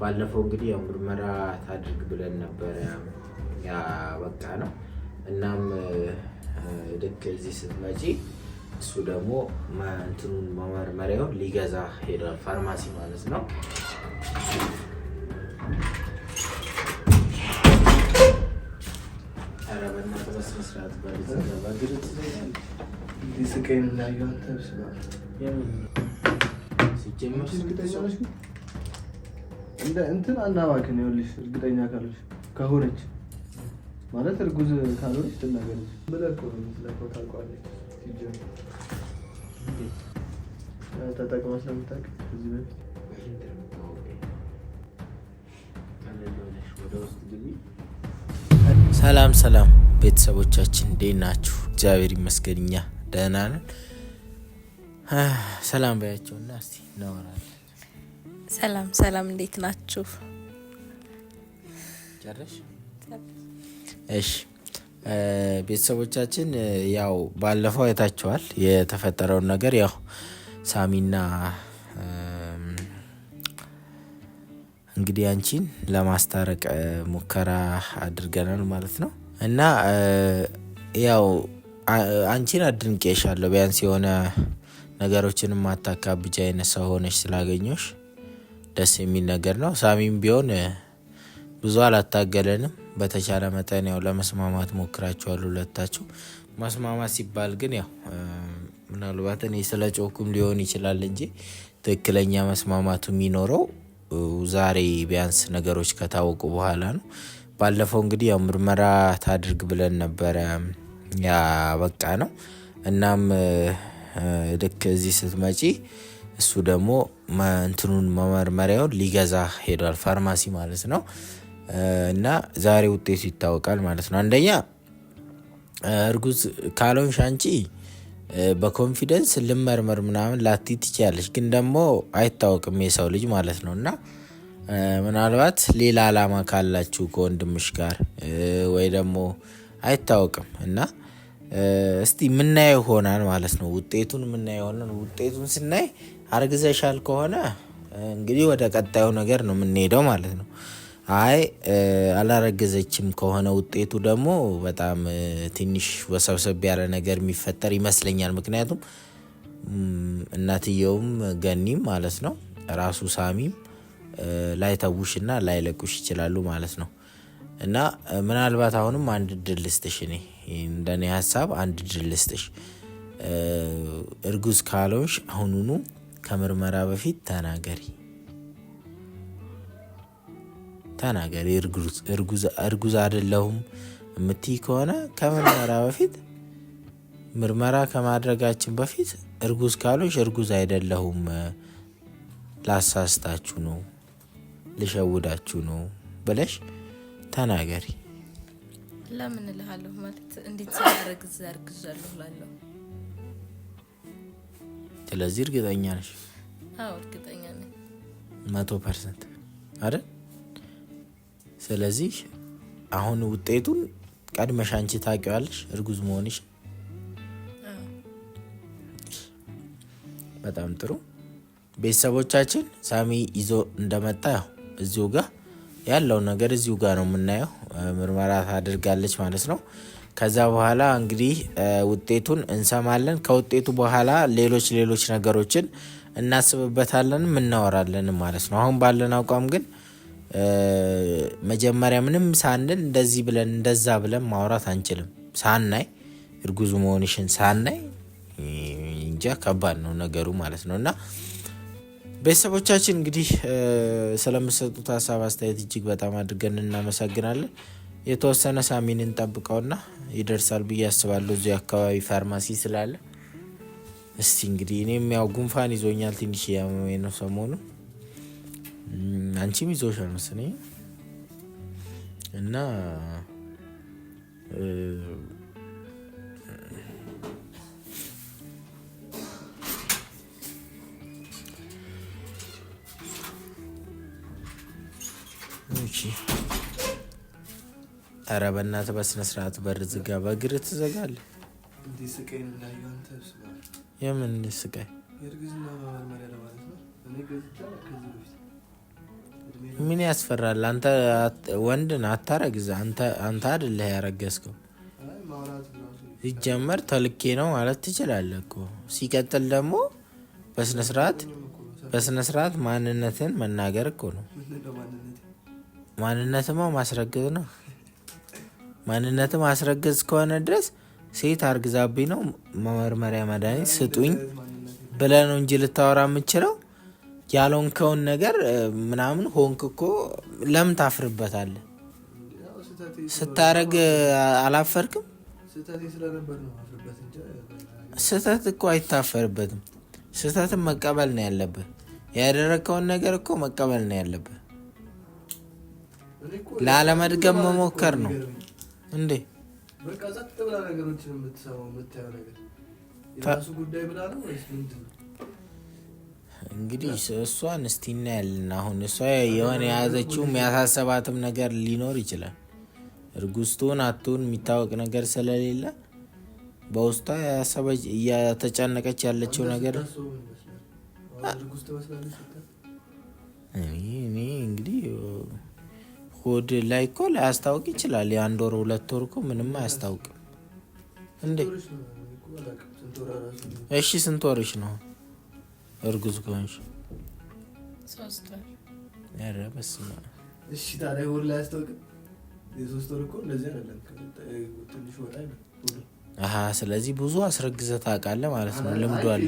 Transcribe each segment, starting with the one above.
ባለፈው እንግዲህ ያው ምርመራ ታድርግ ብለን ነበረ ያበቃ ነው። እናም ልክ እዚህ ስትመጪ እሱ ደግሞ እንትኑን መመርመሪያውን ሊገዛ ሄዷል፣ ፋርማሲ ማለት ነው። ሲጀምር እንደ እንትን አናባክን። ይኸውልሽ እርግጠኛ ካልሆንሽ ከሆነች ማለት እርጉዝ ካልሆነች ትናገረች ብለህ እኮ ነው የምትለካው። ታውቀዋለች ሲጀምር ተጠቅማ ስለምታውቅ እዚህ በፊት ሰላም ሰላም ቤተሰቦቻችን እንዴት ናችሁ? እግዚአብሔር ይመስገን እኛ ደህና ነን። ሰላም በያቸውና እስቲ እናወራለን። ሰላም ሰላም፣ እንዴት ናችሁ? እሺ ቤተሰቦቻችን፣ ያው ባለፈው አይታችኋል የተፈጠረውን ነገር። ያው ሳሚና እንግዲህ አንቺን ለማስታረቅ ሙከራ አድርገናል ማለት ነው እና ያው አንቺን አድንቄሻለሁ ቢያንስ የሆነ ነገሮችን ማታካብጃ አይነት ሰው ሆነሽ ስላገኘሽ ደስ የሚል ነገር ነው። ሳሚም ቢሆን ብዙ አላታገለንም። በተቻለ መጠን ያው ለመስማማት ሞክራቸዋል። ሁለታቸው መስማማት ሲባል ግን ያው ምናልባት እኔ ስለ ጮኩም ሊሆን ይችላል እንጂ ትክክለኛ መስማማቱ የሚኖረው ዛሬ ቢያንስ ነገሮች ከታወቁ በኋላ ነው። ባለፈው እንግዲህ ያው ምርመራ ታድርግ ብለን ነበረ ያበቃ ነው። እናም ልክ እዚህ ስትመጪ እሱ ደግሞ እንትኑን መመርመሪያውን ሊገዛ ሄዷል፣ ፋርማሲ ማለት ነው። እና ዛሬ ውጤቱ ይታወቃል ማለት ነው። አንደኛ እርጉዝ ካልሆንሽ አንቺ በኮንፊደንስ ልመርመር ምናምን ላቲ ትችያለሽ፣ ግን ደግሞ አይታወቅም የሰው ልጅ ማለት ነው። እና ምናልባት ሌላ አላማ ካላችሁ ከወንድምሽ ጋር ወይ ደግሞ አይታወቅም እና እስቲ ምናየው ይሆናል ማለት ነው። ውጤቱን ምናየው ይሆናል። ውጤቱን ስናይ አርግዘሻል ከሆነ እንግዲህ ወደ ቀጣዩ ነገር ነው የምንሄደው ማለት ነው። አይ አላረገዘችም ከሆነ ውጤቱ ደግሞ በጣም ትንሽ ወሰብሰብ ያለ ነገር የሚፈጠር ይመስለኛል። ምክንያቱም እናትየውም ገኒም ማለት ነው ራሱ ሳሚም ላይተውሽ እና ላይለቁሽ ይችላሉ ማለት ነው። እና ምናልባት አሁንም አንድ ድል ልስጥሽ፣ እኔ እንደኔ ሀሳብ አንድ ድል ልስጥሽ፣ እርጉዝ ካልሆንሽ አሁኑኑ ከምርመራ በፊት ተናገሪ ተናገሪ። እርጉዝ አይደለሁም የምትይ ከሆነ ከምርመራ በፊት ምርመራ ከማድረጋችን በፊት እርጉዝ ካሎች እርጉዝ አይደለሁም፣ ላሳስታችሁ ነው፣ ልሸውዳችሁ ነው ብለሽ ተናገሪ። ለምን እልሃለሁ ማለት እንዴት ሳያረግዝ ያርግዛለሁ ላለሁ ስለዚህ እርግጠኛ ነሽ? እርግጠኛ ነኝ መቶ ፐርሰንት አይደል? ስለዚህ አሁን ውጤቱን ቀድመሽ አንቺ ታውቂዋለሽ እርጉዝ መሆንሽ። በጣም ጥሩ ቤተሰቦቻችን፣ ሳሚ ይዞ እንደመጣ ያው እዚሁ ጋር ያለው ነገር እዚሁ ጋር ነው የምናየው። ምርመራ ታደርጋለች ማለት ነው። ከዛ በኋላ እንግዲህ ውጤቱን እንሰማለን። ከውጤቱ በኋላ ሌሎች ሌሎች ነገሮችን እናስብበታለንም እናወራለንም ማለት ነው። አሁን ባለን አቋም ግን መጀመሪያ ምንም ሳንል እንደዚህ ብለን እንደዛ ብለን ማውራት አንችልም። ሳናይ እርጉዙ መሆንሽን ሳናይ እንጃ ከባድ ነው ነገሩ ማለት ነው። እና ቤተሰቦቻችን እንግዲህ ስለምሰጡት ሀሳብ አስተያየት እጅግ በጣም አድርገን እናመሰግናለን። የተወሰነ ሳሚን እንጠብቀውና ይደርሳል ብዬ አስባለሁ። እዚህ አካባቢ ፋርማሲ ስላለ እስቲ እንግዲህ እኔም ያው ጉንፋን ይዞኛል ትንሽ ያመመኝ ነው ሰሞኑ። አንቺም ይዞሻል መሰለኝ እና ኧረ በእናትህ በስነ ስርዓት በር ዝጋ። በእግር ትዘጋለህ። የምን ስቃይ? ምን ያስፈራል? አንተ ወንድን አታረግዝ። አንተ አይደለህ ያረገዝከው። ሲጀመር ተልኬ ነው ማለት ትችላለህ እኮ። ሲቀጥል ደግሞ በስነ ስርዓት በስነ ስርዓት ማንነትን መናገር እኮ ነው። ማንነትማ ማስረገዝ ነው። ማንነትም አስረገዝ ከሆነ ድረስ ሴት አርግዛቢ ነው መመርመሪያ መድኃኒት ስጡኝ ብለህ ነው እንጂ ልታወራ የምችለው ያልሆንከውን ነገር ምናምን ሆንክ እኮ ለምን ታፍርበታለህ? ስታረግ አላፈርክም? ስህተት እኮ አይታፈርበትም። ስህተትን መቀበል ነው ያለብህ። ያደረግከውን ነገር እኮ መቀበል ነው ያለብህ። ላለመድገም መሞከር ነው። እንዴ በቃ ጸጥ ብላ ነገሮችን የምትሰማው የምታየው ነገር የራሱ ጉዳይ ብላ ነው ወይስ ምንድን ነው? እንግዲህ እሷን እስቲ እናያለን። አሁን እሷ የሆነ የያዘችውም የሚያሳሰባትም ነገር ሊኖር ይችላል። እርጉዝ ትሁን አትሁን የሚታወቅ ነገር ስለሌለ በውስጧ እየተጨነቀች ያለችው ነገር እኔ እንግዲህ ሆድ ላይ እኮ ላያስታውቅ ይችላል። የአንድ ወር ሁለት ወር እኮ ምንም አያስታውቅም እንዴ! እሺ ስንት ወርሽ ነው እርጉዝ ከሆንሽ? ኧረ በስመ አብ! እሺ ታዲያ ሆድ ላይ አያስታውቅም? የሶስት ወር እኮ እንደዚህ አይደለም፣ ትንሽ ወጣ አሀ ስለዚህ ብዙ አስረግዘህ ታውቃለህ ማለት ነው። ልምዱ አለ።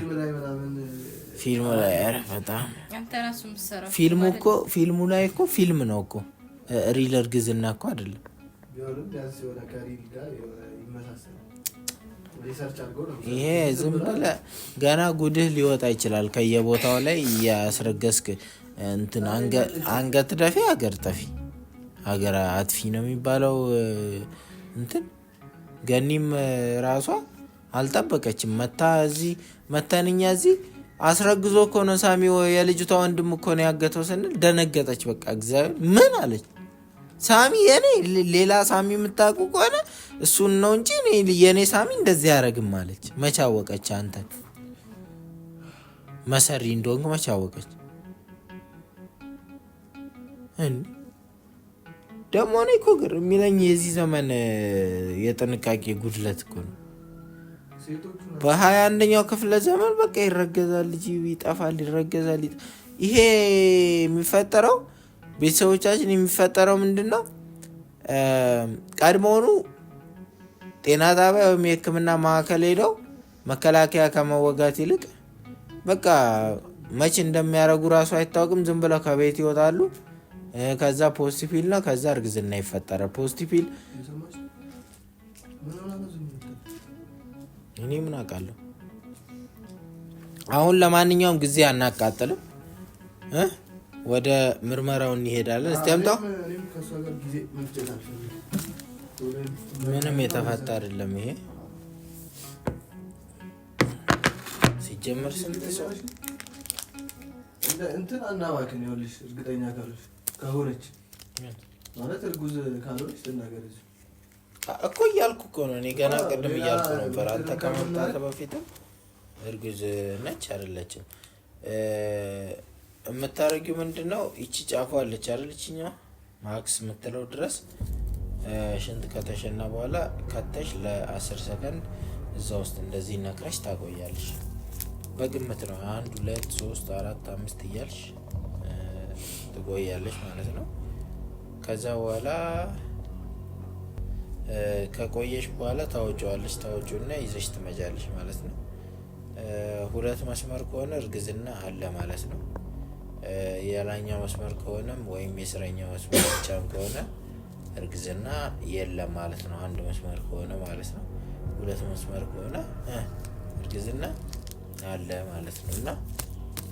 ፊልሙ ላይ ኧረ በጣም ፊልሙ እኮ ፊልሙ ላይ እኮ ፊልም ነው እኮ ሪል እርግዝና እኮ አይደለም። ይሄ ዝም ብለህ ገና ጉድህ ሊወጣ ይችላል። ከየቦታው ላይ እያስረገስክ እንትን አንገት ደፊ ሀገር ጠፊ ሀገር አጥፊ ነው የሚባለው። እንትን ገኒም ራሷ አልጠበቀችም መታ እዚህ መተንኛ እዚህ አስረግዞ እኮ ነው ሳሚ የልጅቷ ወንድም እኮ ነው ያገተው ስንል ደነገጠች። በቃ እግዚአብሔር ምን አለች ሳሚ የኔ ሌላ ሳሚ የምታውቁ ከሆነ እሱን ነው እንጂ የኔ ሳሚ እንደዚህ ያደረግም አለች። መቻወቀች አወቀች? አንተን መሰሪ እንደሆንክ መቻወቀች። ደግሞ እኔ እኮ ግር የሚለኝ የዚህ ዘመን የጥንቃቄ ጉድለት እኮ ነው። በሀያ አንደኛው ክፍለ ዘመን በቃ ይረገዛል፣ ልጅ ይጠፋል፣ ይረገዛል። ይሄ የሚፈጠረው ቤተሰቦቻችን የሚፈጠረው ምንድን ነው? ቀድሞውኑ ጤና ጣቢያ ወይም የሕክምና ማዕከል ሄደው መከላከያ ከመወጋት ይልቅ በቃ መች እንደሚያደርጉ ራሱ አይታወቅም። ዝም ብለው ከቤት ይወጣሉ። ከዛ ፖስቲፊል ነው፣ ከዛ እርግዝና ይፈጠራል። ፖስቲፊል እኔ ምን አውቃለሁ። አሁን ለማንኛውም ጊዜ አናቃጥልም፣ ወደ ምርመራው እንሄዳለን። እስቲ አምጣው። ምንም የተፈታ አይደለም ይሄ ሲጀመር ስንት ሰው እንትን አናባክን። ይኸውልሽ እርግጠኛ ካልሆነች ማለት እርጉዝ ካልሆነች ትናገር እኮ እያልኩ እኮ ነው። እኔ ገና ቅድም እያልኩ ነበር። አንተ ከመምጣት በፊትም እርግዝ ነች አይደለችም? የምታደርጊው ምንድን ነው? ይቺ ጫፉ አለች አይደለችኛ ማክስ የምትለው ድረስ ሽንት ከተሸና በኋላ ከተሽ ለአስር ሰከንድ እዛ ውስጥ እንደዚህ ነክረሽ ታቆያለሽ። በግምት ነው አንድ ሁለት ሶስት አራት አምስት እያልሽ ትቆያለሽ ማለት ነው። ከዛ በኋላ ከቆየሽ በኋላ ታወጪዋለሽ። ታወጩና ይዘሽ ትመጃለሽ ማለት ነው። ሁለት መስመር ከሆነ እርግዝና አለ ማለት ነው። የላኛው መስመር ከሆነም ወይም የስረኛው መስመር ብቻም ከሆነ እርግዝና የለም ማለት ነው። አንድ መስመር ከሆነ ማለት ነው። ሁለት መስመር ከሆነ እርግዝና አለ ማለት ነው። እና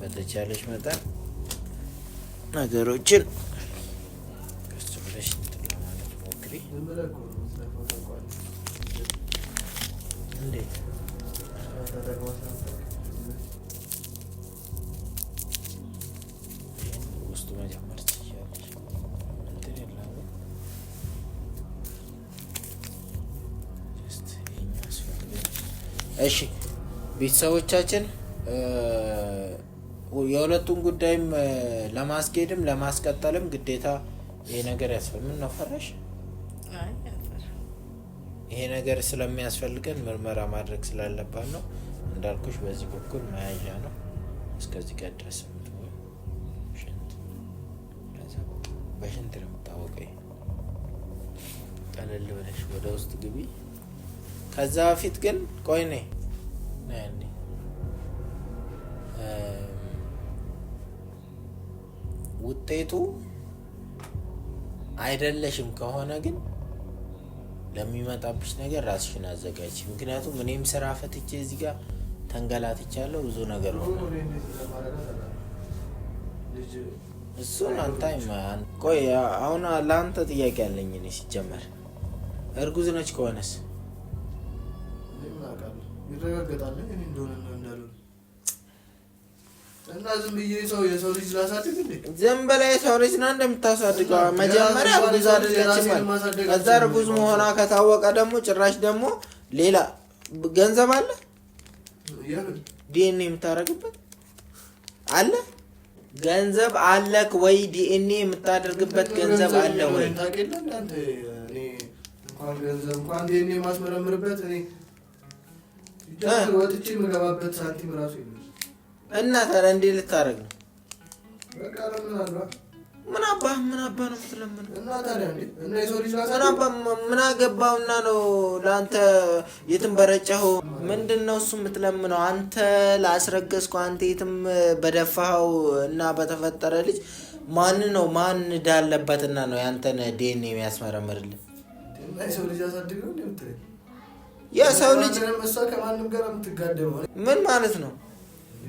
በተቻለሽ መጠን ነገሮችን ቀስ ብለሽ ለማለት ሞክሪ። እንዴት ውስጡ መጀመር ትችያለሽ። እንትን የለም እሺ፣ ቤተሰቦቻችን የሁለቱን ጉዳይም ለማስኬድም ለማስቀጠልም ግዴታ ይሄ ነገር ያስፈልግ ምን ነው ፈራሽ ይሄ ነገር ስለሚያስፈልገን ምርመራ ማድረግ ስላለባት ነው። እንዳልኩሽ በዚህ በኩል መያዣ ነው። እስከዚህ ጋር ድረስ በሽንት ነው የምታወቀው። ቀለል ብለሽ ወደ ውስጥ ግቢ። ከዛ በፊት ግን ቆይ ነይ ውጤቱ አይደለሽም ከሆነ ግን ለሚመጣብሽ ነገር ራስሽን አዘጋጅ። ምክንያቱም እኔም ስራ ፈትቼ እዚህ ጋር ተንገላትቻለሁ። ብዙ ነገር ሆነ። እሱን አንተ ቆይ፣ አሁን ለአንተ ጥያቄ አለኝ። እኔ ሲጀመር እርጉዝ ነች ከሆነስ እንደሆነ እና ዝም ሰው ልጅ ላሳድግ ብለህ የሰው ልጅ ነው እንደምታሳድገው። መጀመሪያ እርጉዝ አድርገችማል። ከዛ እርጉዝ መሆኗ ከታወቀ ደግሞ ጭራሽ ደግሞ ሌላ ገንዘብ አለ ዲኤንኤ የምታደርግበት አለ። ገንዘብ አለክ ወይ? ዲኤንኤ የምታደርግበት ገንዘብ አለ ወይ? እንኳን ዲኤንኤ የማስመረምርበት እኔ ወጥቼ የምገባበት ሳንቲም ራሱ የለም እና ታዲያ እንዴት ልታደርግ ነው? ምን አባህ ምን አባህ ነው የምትለምነው? ምን አገባውና ነው ለአንተ የትም በረጨኸው? ምንድን ነው እሱ የምትለምነው? አንተ ላስረገዝኩ አንተ የትም በደፋኸው እና በተፈጠረ ልጅ ማን ነው ማን ዳለበትና ነው ያንተን ዴን የሚያስመረምርልን የሰው ልጅ ምን ማለት ነው?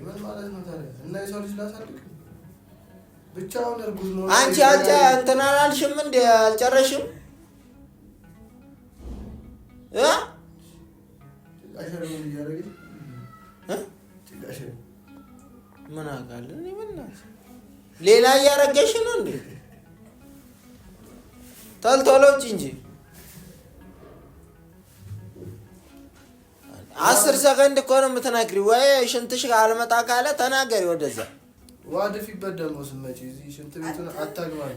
ምን ማለት ነው ታዲያ? እና የሰው ልጅ ላሳድግ ብቻውን እርጉዝ ነው። አንቺ አጫ እንትን አላልሽም እንዴ? አልጨረሽም እ ምን አውቃለሁ እኔ ሌላ እያረገሽ ነው እንዴ? ተልቶሎች እንጂ አስር ሰከንድ እኮ ነው የምትነግሪ። ወይ ሽንትሽ አልመጣ ካለ ተናገሪ ወደዛ ዋድፊበት ደግሞ ስመጪ እዚህ ሽንት ቤቱን አታግባል።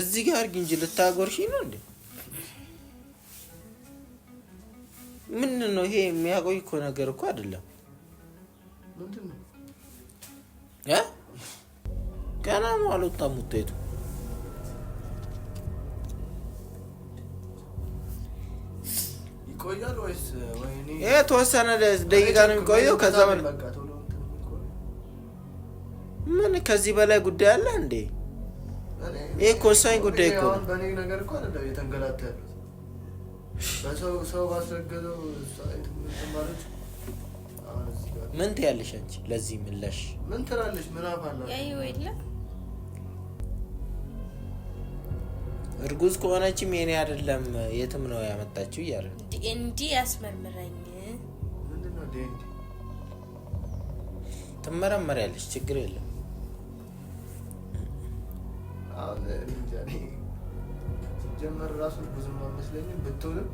እዚህ ጋር አድርጊ እንጂ ልታጎርሺ ነው እንዴ? ምን ነው ይሄ? የሚያቆይ እኮ ነገር እኮ አይደለም። ገና ማሎታ ሙታየቱ ይቆያል ወይስ ይሄ ደቂቃ ነው የሚቆየው። ከዛ ምን ከዚህ በላይ ጉዳይ አለ እንዴ? ይሄ እኮ ወሳኝ ጉዳይ እኮ ምን ትያለሽ አንቺ? ለዚህ ምላሽ ምን ትላለሽ? ምናብ አለ እርጉዝ ከሆነችም የኔ አይደለም የትም ነው ያመጣችው እያለ ዲኤንዲ ያስመርምረኝ። ትመረመሪያለች፣ ችግር የለም። ጀመር ራሱ ብዙም አይመስለኝም። ብትሆንም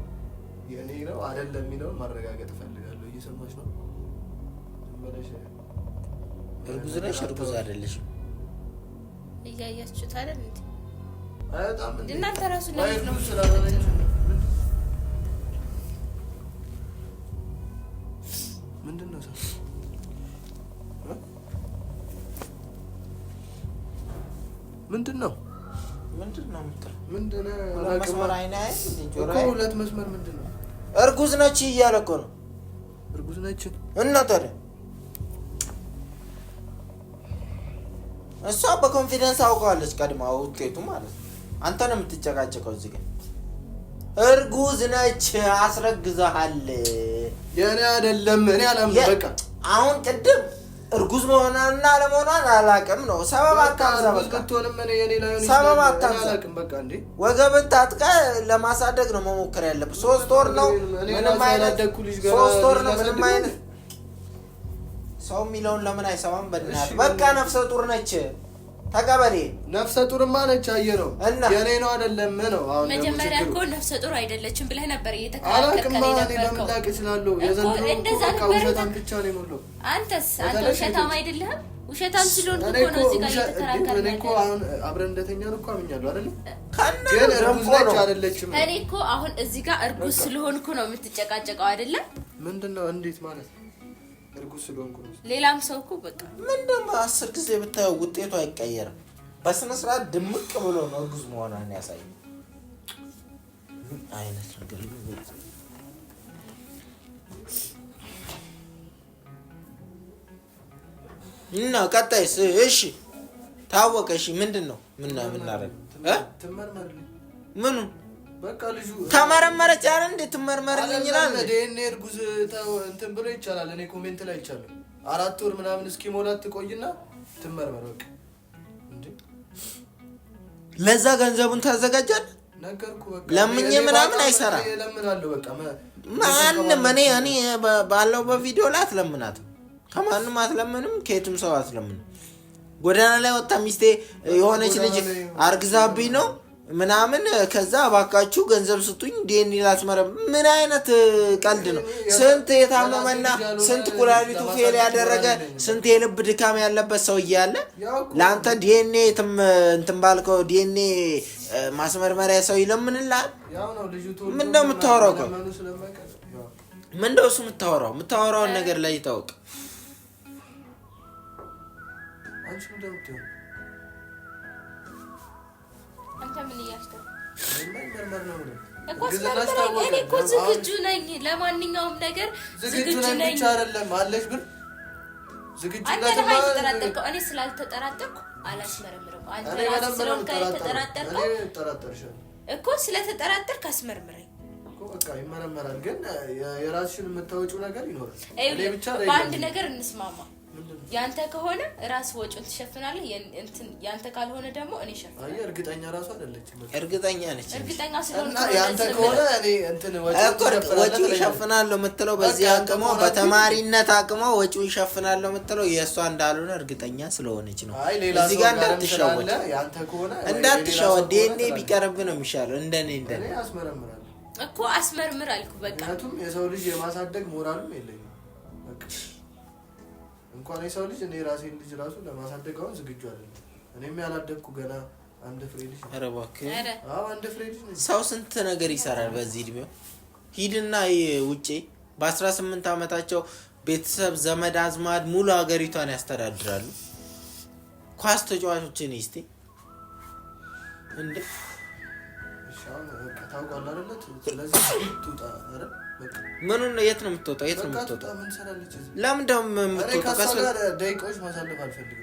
የእኔ ነው አይደለም የሚለው ማረጋገጥ እፈልጋለሁ። እየሰማች ነው። እርጉዝ ነሽ፣ እርጉዝ አይደለሽም። እያያችሁት አይደል? እናንተ ራሱ ምንድን ነው ምንድን ነው ሁለት መስመር ምንድን ነው? እርጉዝ ነች እያለ እኮ ነው። እርጉዝ ነች እና ታዲያ እሷ በኮንፊደንስ አውቀዋለች ቀድማ ውጤቱ ማለት ነው። አንተ ነው የምትጨቃጨቀው እዚህ ግን እርጉዝ ነች አስረግዘሃል። የእኔ አይደለም እኔ አለም በቃ አሁን ቅድም እርጉዝ መሆኗንና አለመሆኗን አላውቅም ነው ሰበብ አታምሳ። ወገብን ታጥቀ ለማሳደግ ነው መሞከር ያለብህ። ሶስት ወር ነው ምንም አይነት ሶስት ወር ነው ምንም አይነት ሰው የሚለውን ለምን አይሰማም? በድናት በቃ ነፍሰ ጡር ነች። ተቀበሌ ነፍሰ ጡርማ ነች። አየ ነው እና የኔ ነው አይደለም ነው። አሁን መጀመሪያ እኮ ነፍሰ ጡር አይደለችም ብለህ ነበር እየተከራከርከኝ ነበር። ለምን ላቅ እችላለሁ? የዘንድሮ በቃ ውሸታም ብቻ ነው የሞላው። አንተስ አንተ ውሸታም አይደለህም? ውሸታም ስለሆንክ እኮ ነው እዚህ ጋር እየተከራከርን። እኔ እኮ አሁን አብረን እንደተኛ ነው እኮ አምኛለሁ አይደለ? ግን እርጉዝ ነች አይደለችም? እኔ እኮ አሁን እዚህ ጋር እርጉዝ ስለሆንኩ ነው የምትጨቃጨቀው አይደለም? ምንድን ነው እንዴት ማለት ነው? ሌላም ሰው እኮ በቃ ምን ደግሞ አስር ጊዜ ብታየው ውጤቱ አይቀየርም። በስነ ስርዓት ድምቅ ብሎ ነው እርጉዝ መሆኗን ያሳይ። አይነት ነገር ነው? እና ቀጣይስ? እሺ ታወቀ። እሺ ምንድን ነው? ምን ምናረግ ምኑ በቃ ልጁ ተመረመረች አይደል? እንዴት ትመርመርልኝ ይላል። ዲኤንኤ እርጉዝ እንትን ብሎ ይቻላል። እኔ ኮሜንት ላይ ይቻላል። አራት ወር ምናምን እስኪ ሞላት ትቆይና ትመርመር። በቃ እንዴ ለዛ ገንዘቡን ታዘጋጃል። ነገርኩ በቃ ለምኜ ምናምን አይሰራ ለምናለሁ በቃ ማንም እኔ እኔ ባለው በቪዲዮ ላይ አትለምናትም። ከማንም አትለምንም። ከየትም ሰው አትለምንም። ጎዳና ላይ ወጣ ሚስቴ የሆነች ልጅ አርግዛብኝ ነው ምናምን ከዛ እባካችሁ ገንዘብ ስጡኝ ዴን ይላት መረብ ምን አይነት ቀልድ ነው? ስንት የታመመና ስንት ኩላሊቱ ፌል ያደረገ ስንት የልብ ድካም ያለበት ሰው እያለ ለአንተ ዲኤንኤ እንትን ባልከው ዲኤንኤ ማስመርመሪያ ሰው ይለምንልሃል? ምን ነው የምታወራው? ምን ነው እሱ የምታወራው? የምታወራውን ነገር ላይ ይታወቅ። አንተ እኮ ዝግጁ ነኝ፣ ለማንኛውም ነገር ዝግጁ ነኝ። ብቻ አይደለም አለሽ ብር ዝግጁ ተጠራጠርከው። እኔ ስላልተጠራጠርኩ እኮ ስለተጠራጠርክ አስመርምረኝ። በቃ ይመረመራል፣ ግን የራስሽን የምታወጪው ነገር ይኖራል። በአንድ ነገር እንስማማ ያንተ ከሆነ ራስ ወጪውን ትሸፍናለህ። ያንተ ካልሆነ ደግሞ እኔ ሸፍናለሁ። እርግጠኛ ራሱ አይደለችም። እርግጠኛ ነች። እርግጠኛ ስለሆነ ያንተ ከሆነ እኔ እንትን ወጪው ይሸፍናለሁ የምትለው በዚህ አቅሟ፣ በተማሪነት አቅሟ ወጪው ይሸፍናለሁ የምትለው የእሷ እንዳልሆነ እርግጠኛ ስለሆነች ነው። እዚህ ጋር እንዳትሸወድ፣ እንዳትሸወድ። ዲኤንኤ ቢቀርብ ነው የሚሻለው። እንደኔ እንደኔ እኮ አስመርምር አልኩ። በቃ ምክንያቱም የሰው ልጅ የማሳደግ ሞራሉም የለኝም። እንኳን የሰው ልጅ እኔ ራሴን ልጅ ራሱ ለማሳደግ አሁን ዝግጁ አይደለም። እኔም ያላደግኩ ገና አንድ ፍሬ ልጅ ኧረ እባክህ አንድ ፍሬ ልጅ ሰው ስንት ነገር ይሰራል በዚህ እድሜው። ሂድና ውጪ በአስራ ስምንት አመታቸው ቤተሰብ ዘመድ አዝማድ ሙሉ ሀገሪቷን ያስተዳድራሉ። ኳስ ተጫዋቾችን እስቲ እንደ ታውቃለህ አይደለ? ስለዚህ ትውጣ ነው? የት ነው የምትወጣው? የት ነው የምትወጣው? ለምን ደግሞ የምትወጣው? ማሳለፍ አልፈልግም።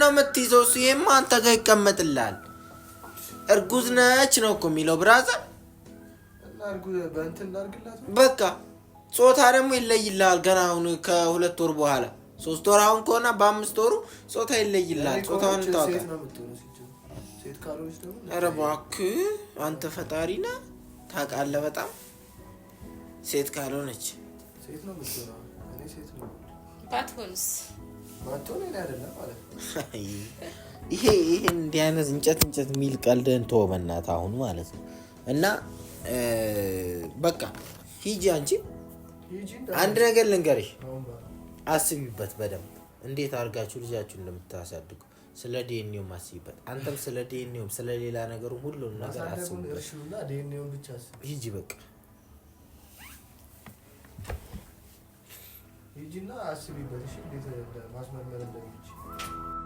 ነው የምትይዘው? ይሄማ አንተ ጋር ይቀመጥልሃል። እርጉዝ ነች ነው እኮ የሚለው ብራዘር። በቃ ጾታ ደግሞ ይለይልሃል። ገና አሁን ከሁለት ወር በኋላ ሶስት ወር አሁን ከሆነ በአምስት ወሩ ጾታ ይለይልሃል። ጾታውን ታውቃለህ ሴት ካልሆነች ደግሞ ኧረ እባክህ አንተ ፈጣሪ ነህ ታውቃለህ። በጣም ሴት ካልሆነች ሴት ባትሆንስ? ይሄ ይሄ እንዲህ አይነት እንጨት እንጨት የሚል ቀልድህን ተወው በእናትህ አሁን ማለት ነው። እና በቃ ሂጂ አንቺ። አንድ ነገር ልንገርሽ፣ አስቢበት በደንብ እንዴት አድርጋችሁ ልጃችሁ እንደምታሳድጉ ስለ ዲኤንኤው አስይበት። አንተም ስለ ዲኤንኤው ስለ ሌላ ነገሩ ሁሉ ነገር ሂጂ፣ በቃ ሂጂና አስቢበት። እሺ፣ እንዴት ማስመርመር እንደሚችል